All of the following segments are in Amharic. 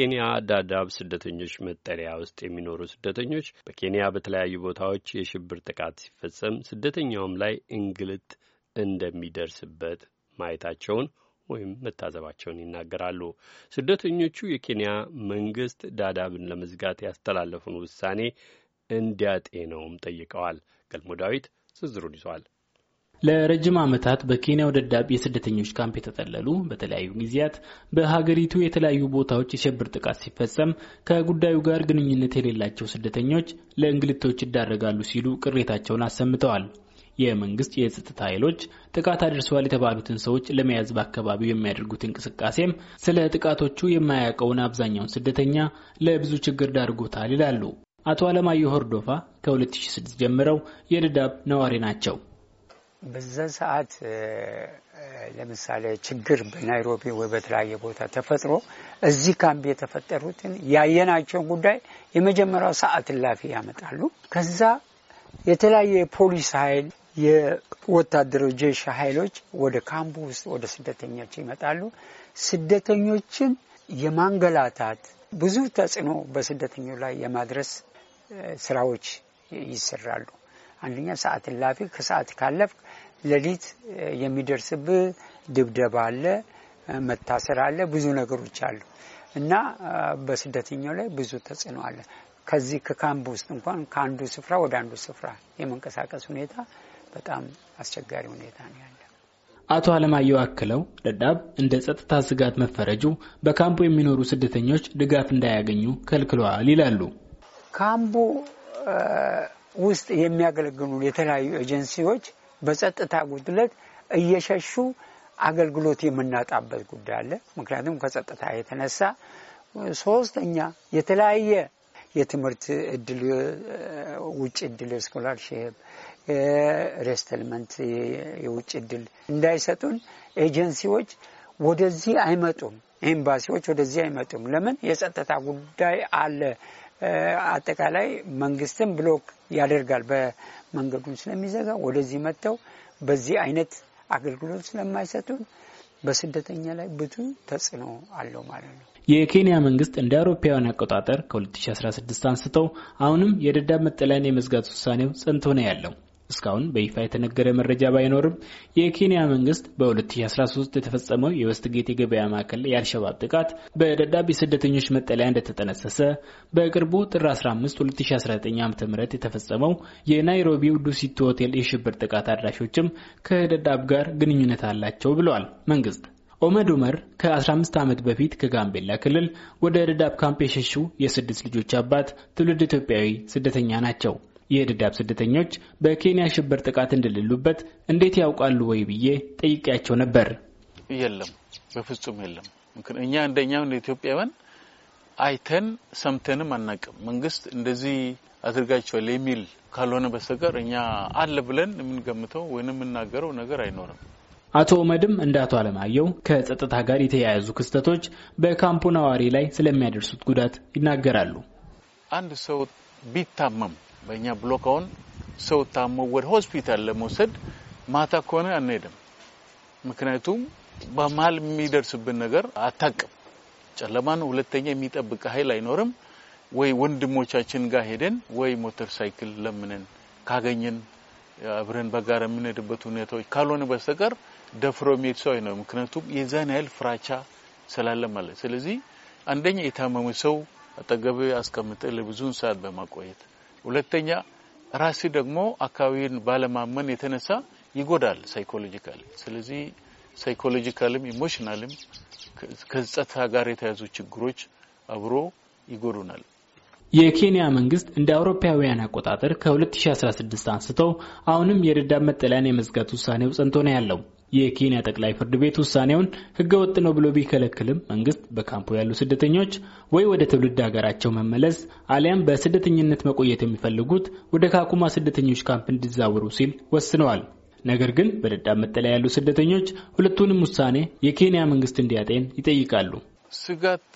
ኬንያ ዳዳብ ስደተኞች መጠለያ ውስጥ የሚኖሩ ስደተኞች በኬንያ በተለያዩ ቦታዎች የሽብር ጥቃት ሲፈጸም ስደተኛውም ላይ እንግልት እንደሚደርስበት ማየታቸውን ወይም መታዘባቸውን ይናገራሉ። ስደተኞቹ የኬንያ መንግስት ዳዳብን ለመዝጋት ያስተላለፉን ውሳኔ እንዲያጤነውም ጠይቀዋል። ገልሞ ዳዊት ዝርዝሩን ይዟል። ለረጅም ዓመታት በኬንያው ደዳብ የስደተኞች ካምፕ የተጠለሉ በተለያዩ ጊዜያት በሀገሪቱ የተለያዩ ቦታዎች የሽብር ጥቃት ሲፈጸም ከጉዳዩ ጋር ግንኙነት የሌላቸው ስደተኞች ለእንግልቶች ይዳረጋሉ ሲሉ ቅሬታቸውን አሰምተዋል። የመንግስት የጸጥታ ኃይሎች ጥቃት አድርሰዋል የተባሉትን ሰዎች ለመያዝ በአካባቢው የሚያደርጉት እንቅስቃሴም ስለ ጥቃቶቹ የማያውቀውን አብዛኛውን ስደተኛ ለብዙ ችግር ዳርጎታል ይላሉ። አቶ አለማየሁ ሆርዶፋ ከ2006 ጀምረው የደዳብ ነዋሪ ናቸው። በዛ ሰዓት ለምሳሌ ችግር በናይሮቢ ወይ በተለያየ ቦታ ተፈጥሮ እዚህ ካምፕ የተፈጠሩትን ያየናቸውን ጉዳይ የመጀመሪያው ሰዓት እላፊ ያመጣሉ። ከዛ የተለያየ የፖሊስ ኃይል የወታደሮች ጄሽ ኃይሎች ወደ ካምፑ ውስጥ ወደ ስደተኞች ይመጣሉ። ስደተኞችን የማንገላታት ብዙ ተጽዕኖ በስደተኞች ላይ የማድረስ ስራዎች ይሰራሉ። አንደኛ ሰዓት ላፊ ከሰዓት ካለፍ ሌሊት የሚደርስብህ ድብደባ አለ፣ መታሰር አለ፣ ብዙ ነገሮች አሉ እና በስደተኛው ላይ ብዙ ተጽዕኖ አለ። ከዚህ ከካምፕ ውስጥ እንኳን ከአንዱ ስፍራ ወደ አንዱ ስፍራ የመንቀሳቀስ ሁኔታ በጣም አስቸጋሪ ሁኔታ ነው ያለ አቶ አለማየሁ አክለው ደዳብ እንደ ጸጥታ ስጋት መፈረጁ በካምፑ የሚኖሩ ስደተኞች ድጋፍ እንዳያገኙ ከልክለዋል ይላሉ። ካምፑ ውስጥ የሚያገለግሉ የተለያዩ ኤጀንሲዎች በጸጥታ ጉድለት እየሸሹ አገልግሎት የምናጣበት ጉዳይ አለ። ምክንያቱም ከጸጥታ የተነሳ ሶስተኛ የተለያየ የትምህርት እድል ውጭ እድል ስኮላርሽፕ፣ ሬስተልመንት የውጭ እድል እንዳይሰጡን ኤጀንሲዎች ወደዚህ አይመጡም፣ ኤምባሲዎች ወደዚህ አይመጡም። ለምን? የጸጥታ ጉዳይ አለ። አጠቃላይ መንግስትን ብሎክ ያደርጋል። በመንገዱን ስለሚዘጋ ወደዚህ መጥተው በዚህ አይነት አገልግሎት ስለማይሰጡን በስደተኛ ላይ ብዙ ተጽዕኖ አለው ማለት ነው። የኬንያ መንግስት እንደ አውሮፓውያን አቆጣጠር ከ2016 አንስተው አሁንም የደዳብ መጠለያን የመዝጋት ውሳኔው ጸንቶ ነው ያለው። እስካሁን በይፋ የተነገረ መረጃ ባይኖርም የኬንያ መንግስት በ2013 የተፈጸመው የዌስትጌት የገበያ ማዕከል የአልሸባብ ጥቃት በደዳቢ ስደተኞች መጠለያ እንደተጠነሰሰ፣ በቅርቡ ጥር 15 2019 ዓ ም የተፈጸመው የናይሮቢው ዱሲቲ ሆቴል የሽብር ጥቃት አድራሾችም ከደዳብ ጋር ግንኙነት አላቸው ብለዋል መንግስት። ኦመድ ኡመር ከ15 ዓመት በፊት ከጋምቤላ ክልል ወደ ደዳብ ካምፕ የሸሹ የስድስት ልጆች አባት ትውልድ ኢትዮጵያዊ ስደተኛ ናቸው። የድዳብ ስደተኞች በኬንያ ሽብር ጥቃት እንደሌሉበት እንዴት ያውቃሉ ወይ ብዬ ጠይቄያቸው ነበር። የለም፣ በፍጹም የለም። እኛ እንደኛው እንደ ኢትዮጵያውያን አይተን ሰምተንም አናቅም። መንግስት እንደዚህ አድርጋቸዋል የሚል ካልሆነ በስተቀር እኛ አለ ብለን የምንገምተው ወይም የምናገረው ነገር አይኖርም። አቶ ኦመድም እንደ አቶ አለማየሁ ከጸጥታ ጋር የተያያዙ ክስተቶች በካምፑ ነዋሪ ላይ ስለሚያደርሱት ጉዳት ይናገራሉ። አንድ ሰው ቢታመም በእኛ ብሎክ አሁን ሰው ታሞ ወደ ሆስፒታል ለመውሰድ ማታ ከሆነ አንሄድም። ምክንያቱም በመሀል የሚደርስብን ነገር አታቅም። ጨለማ ነው። ሁለተኛ የሚጠብቅ ኃይል አይኖርም። ወይ ወንድሞቻችን ጋር ሄደን ወይ ሞተር ሳይክል ለምንን ካገኘን አብረን በጋራ የምንሄድበት ሁኔታዎች ካልሆነ በስተቀር ደፍሮ የሚሄድ ሰው አይኖርም። ምክንያቱም የዛን ያህል ፍራቻ ስላለ ማለት ስለዚህ አንደኛ የታመመ ሰው አጠገብ አስቀምጠ ለብዙን ሰዓት በማቆየት ሁለተኛ ራሲ ደግሞ አካባቢን ባለማመን የተነሳ ይጎዳል ሳይኮሎጂካል። ስለዚህ ሳይኮሎጂካልም ኢሞሽናልም ከጸጥታ ጋር የተያዙ ችግሮች አብሮ ይጎዱናል። የኬንያ መንግስት እንደ አውሮፓውያን አቆጣጠር ከ2016 አንስተው አሁንም የደዳብ መጠለያን የመዝጋት ውሳኔው ጸንቶ ነው ያለው። የኬንያ ጠቅላይ ፍርድ ቤት ውሳኔውን ህገወጥ ነው ብሎ ቢከለክልም መንግስት በካምፑ ያሉ ስደተኞች ወይ ወደ ትውልድ ሀገራቸው መመለስ አሊያም በስደተኝነት መቆየት የሚፈልጉት ወደ ካኩማ ስደተኞች ካምፕ እንዲዛወሩ ሲል ወስነዋል። ነገር ግን በደዳብ መጠለያ ያሉ ስደተኞች ሁለቱንም ውሳኔ የኬንያ መንግስት እንዲያጤን ይጠይቃሉ። ስጋት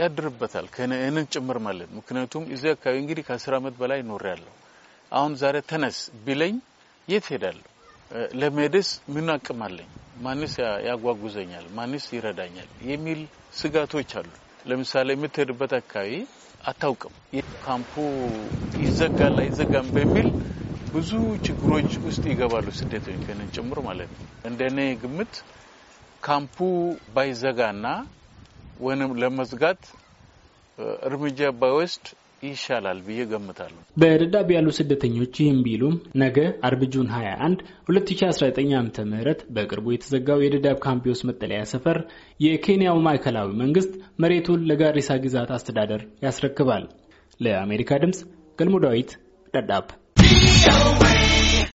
ያድርበታል ከእኔን ጭምር ማለት ምክንያቱም እዚህ አካባቢ እንግዲህ ከአስር ዓመት በላይ ኖሬያለሁ። አሁን ዛሬ ተነስ ቢለኝ የት ሄዳለሁ? ለመሄድስ ምን አቅም አለኝ? ማንስ ያጓጉዘኛል? ማንስ ይረዳኛል? የሚል ስጋቶች አሉ። ለምሳሌ የምትሄድበት አካባቢ አታውቅም። ካምፑ ይዘጋል አይዘጋም በሚል ብዙ ችግሮች ውስጥ ይገባሉ ስደተኞች ከእኔን ጭምር ማለት ነው። እንደ እኔ ግምት ካምፑ ባይዘጋና ወይም ለመዝጋት እርምጃ ባይወስድ ይሻላል ብዬ ገምታለሁ። በደዳብ ያሉ ስደተኞች ይህም ቢሉም ነገ አርብ ጁን 21 2019 ዓ ም በቅርቡ የተዘጋው የደዳብ ካምፒዮስ መጠለያ ሰፈር የኬንያው ማዕከላዊ መንግስት መሬቱን ለጋሪሳ ግዛት አስተዳደር ያስረክባል። ለአሜሪካ ድምፅ ገልሞ ዳዊት ደዳብ